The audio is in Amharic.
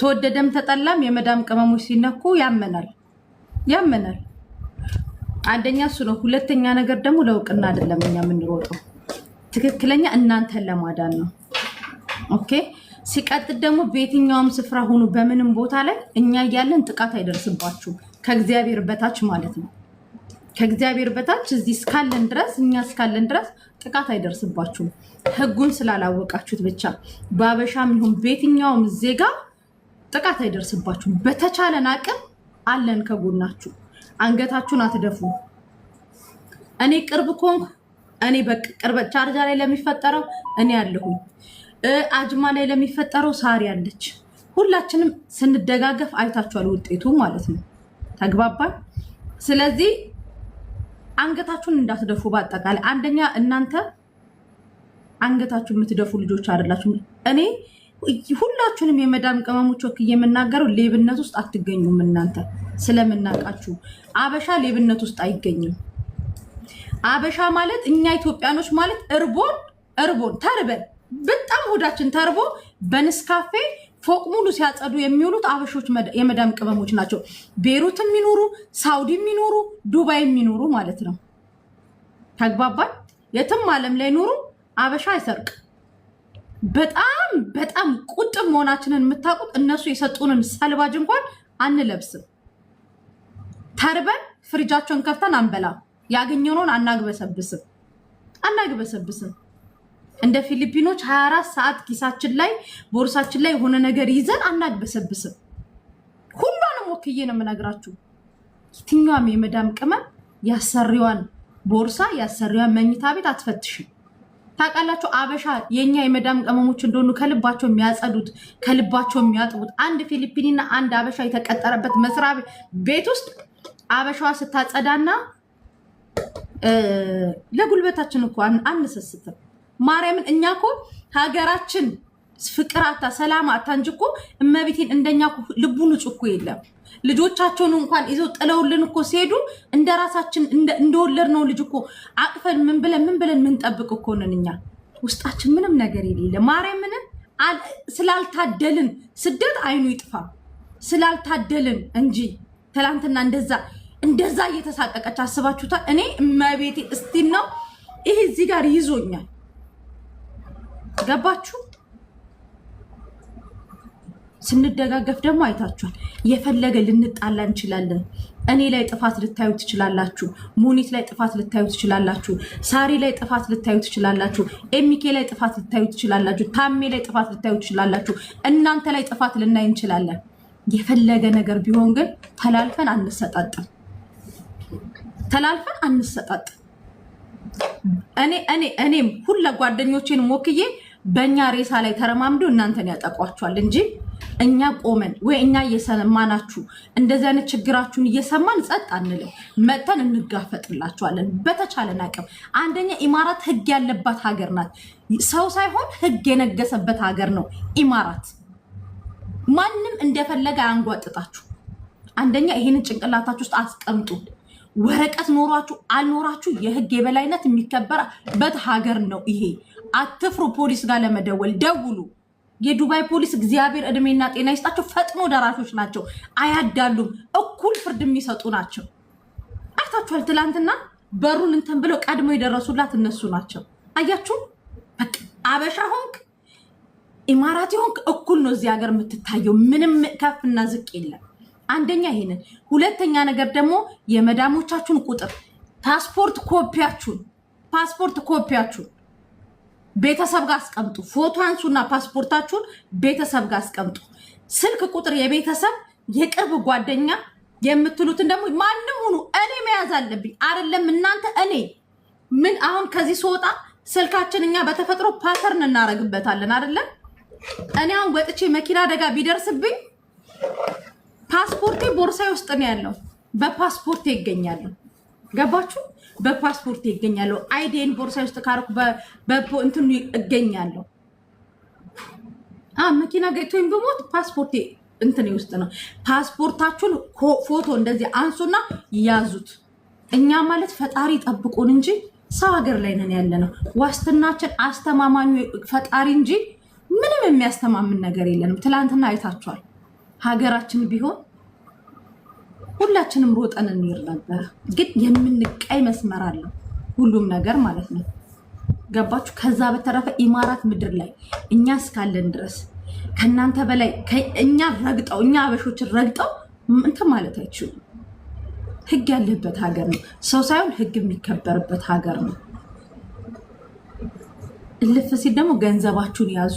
ተወደደም ተጠላም የመዳም ቅመሞች ሲነኩ ያመናል ያመናል። አንደኛ እሱ ነው። ሁለተኛ ነገር ደግሞ ለእውቅና አይደለም እኛ የምንሮጠው፣ ትክክለኛ እናንተን ለማዳን ነው። ኦኬ። ሲቀጥል ደግሞ በየትኛውም ስፍራ ሁኑ፣ በምንም ቦታ ላይ እኛ እያለን ጥቃት አይደርስባችሁም፣ ከእግዚአብሔር በታች ማለት ነው። ከእግዚአብሔር በታች እዚህ እስካለን ድረስ እኛ እስካለን ድረስ ጥቃት አይደርስባችሁም። ህጉን ስላላወቃችሁት ብቻ በአበሻም ይሁን በየትኛውም ዜጋ ጥቃት አይደርስባችሁም። በተቻለን አቅም አለን ከጎናችሁ፣ አንገታችሁን አትደፉ። እኔ ቅርብ ኮንኩ እኔ በቅርብ ቻርጃ ላይ ለሚፈጠረው እኔ አለሁኝ። አጅማ ላይ ለሚፈጠረው ሳሪ አለች። ሁላችንም ስንደጋገፍ አይታችኋል ውጤቱ ማለት ነው። ተግባባን። ስለዚህ አንገታችሁን እንዳትደፉ። በአጠቃላይ አንደኛ እናንተ አንገታችሁን የምትደፉ ልጆች አይደላችሁ። እኔ ሁላችሁንም የመዳም ቅመሞች ወክ የምናገረው ሌብነት ውስጥ አትገኙም። እናንተ ስለምናውቃችሁ አበሻ ሌብነት ውስጥ አይገኝም። አበሻ ማለት እኛ ኢትዮጵያኖች ማለት እርቦን እርቦን ተርበን በጣም ሆዳችን ተርቦ በንስካፌ ፎቅ ሙሉ ሲያጸዱ የሚውሉት አበሾች የመዳም ቅመሞች ናቸው። ቤሩት የሚኖሩ ሳውዲ የሚኖሩ ዱባይ የሚኖሩ ማለት ነው። ተግባባል። የትም ዓለም ላይ ኖሩ አበሻ አይሰርቅ። በጣም በጣም ቁጥብ መሆናችንን የምታውቁት እነሱ የሰጡንን ሰልባጅ እንኳን አንለብስም። ተርበን ፍሪጃቸውን ከፍተን አንበላ ያገኘነውን አናግበሰብስም አናግበሰብስም። እንደ ፊሊፒኖች 24 ሰዓት ኪሳችን ላይ ቦርሳችን ላይ የሆነ ነገር ይዘን አናግበሰብስም። ሁሉንም ወክዬ ነው የምነግራችሁ። የትኛዋም የመዳም ቅመም ያሰሪዋን ቦርሳ ያሰሪዋን መኝታ ቤት አትፈትሽም። ታውቃላችሁ አበሻ የኛ የመዳም ቅመሞች እንደሆኑ ከልባቸው የሚያጸዱት ከልባቸው የሚያጥቡት አንድ ፊሊፒኒና አንድ አበሻ የተቀጠረበት መስሪያ ቤት ውስጥ አበሻዋ ስታጸዳና ለጉልበታችን እኮ አንሰስትም። ማርያምን እኛ እኮ ሀገራችን ፍቅር አታ ሰላም አታ እንጂ እኮ እመቤቴን እንደኛ ልቡ ንጹህ እኮ የለም። ልጆቻቸውን እንኳን ይዘው ጥለውልን እኮ ሲሄዱ እንደ ራሳችን እንደወለድ ነው ልጅ እኮ አቅፈን ምን ብለን ምን ብለን ምንጠብቅ እኮ ነን እኛ። ውስጣችን ምንም ነገር የሌለ ማርያምንም ስላልታደልን ስደት አይኑ ይጥፋ ስላልታደልን እንጂ ትላንትና እንደዛ እንደዛ እየተሳቀቀች አስባችሁታል። እኔ እመቤቴ እስቲ ነው ይሄ እዚህ ጋር ይዞኛል ገባችሁ? ስንደጋገፍ ደግሞ አይታችኋል። የፈለገ ልንጣላ እንችላለን። እኔ ላይ ጥፋት ልታዩ ትችላላችሁ። ሙኒት ላይ ጥፋት ልታዩ ትችላላችሁ። ሳሪ ላይ ጥፋት ልታዩ ትችላላችሁ። ኤሚኬ ላይ ጥፋት ልታዩ ትችላላችሁ። ታሜ ላይ ጥፋት ልታዩ ትችላላችሁ። እናንተ ላይ ጥፋት ልናይ እንችላለን። የፈለገ ነገር ቢሆን ግን ተላልፈን አንሰጣጥም። ተላልፈን አንሰጣጥም። እኔ እኔ እኔም ሁላ ጓደኞቼን ሞክዬ በእኛ ሬሳ ላይ ተረማምዶ እናንተን ያጠቋቸዋል እንጂ እኛ ቆመን ወይ እኛ እየሰማናችሁ እንደዚህ አይነት ችግራችሁን እየሰማን ጸጥ አንልም። መጥተን እንጋፈጥላችኋለን በተቻለን አቅም። አንደኛ ኢማራት ህግ ያለባት ሀገር ናት። ሰው ሳይሆን ህግ የነገሰበት ሀገር ነው ኢማራት። ማንም እንደፈለገ አያንጓጥጣችሁ። አንደኛ ይሄንን ጭንቅላታችሁ ውስጥ አስቀምጡ። ወረቀት ኖሯችሁ አልኖራችሁ የህግ የበላይነት የሚከበርበት ሀገር ነው ይሄ። አትፍሩ ፖሊስ ጋር ለመደወል ደውሉ። የዱባይ ፖሊስ እግዚአብሔር እድሜና ጤና ይስጣቸው፣ ፈጥኖ ደራሾች ናቸው፣ አያዳሉም፣ እኩል ፍርድ የሚሰጡ ናቸው። አይታችኋል። ትላንትና በሩን እንትን ብለው ቀድሞ የደረሱላት እነሱ ናቸው። አያችሁ፣ አበሻ ሆንክ ኢማራቲ ሆንክ እኩል ነው እዚህ ሀገር የምትታየው። ምንም ከፍና ዝቅ የለም። አንደኛ ይሄንን፣ ሁለተኛ ነገር ደግሞ የመዳሞቻችሁን ቁጥር ፓስፖርት ኮፒያችሁን ፓስፖርት ኮፒያችሁን ቤተሰብ ጋር አስቀምጡ። ፎቶ አንሱና ፓስፖርታችሁን ቤተሰብ ጋር አስቀምጡ። ስልክ ቁጥር የቤተሰብ የቅርብ ጓደኛ የምትሉትን ደግሞ ማንም ሁኑ እኔ መያዝ አለብኝ አይደለም እናንተ እኔ ምን አሁን ከዚህ ስወጣ ስልካችን እኛ በተፈጥሮ ፓተርን እናደርግበታለን አይደለም እኔ አሁን ወጥቼ መኪና አደጋ ቢደርስብኝ ፓስፖርቴ ቦርሳይ ውስጥ ነው ያለው። በፓስፖርቴ ይገኛለሁ። ገባችሁ? በፓስፖርቴ ይገኛለሁ። አይዴን ቦርሳይ ውስጥ ካረኩ እንትኑ እገኛለሁ። መኪና ገጭቶኝ በሞት ፓስፖርቴ እንትን ውስጥ ነው። ፓስፖርታችሁን ፎቶ እንደዚህ አንሱና ያዙት። እኛ ማለት ፈጣሪ ጠብቁን እንጂ ሰው ሀገር ላይ ነን ያለ ነው። ዋስትናችን አስተማማኙ ፈጣሪ እንጂ ምንም የሚያስተማምን ነገር የለንም። ትላንትና አይታችኋል። ሀገራችን ቢሆን ሁላችንም ሮጠን እንሄድ ነበር። ግን የምንቀይ መስመር አለው ሁሉም ነገር ማለት ነው። ገባችሁ? ከዛ በተረፈ ኢማራት ምድር ላይ እኛ እስካለን ድረስ ከእናንተ በላይ እኛ ረግጠው እኛ አበሾችን ረግጠው እንትን ማለት አይችሉም። ህግ ያለበት ሀገር ነው። ሰው ሳይሆን ህግ የሚከበርበት ሀገር ነው። እልፍ ሲል ደግሞ ገንዘባችሁን ያዙ።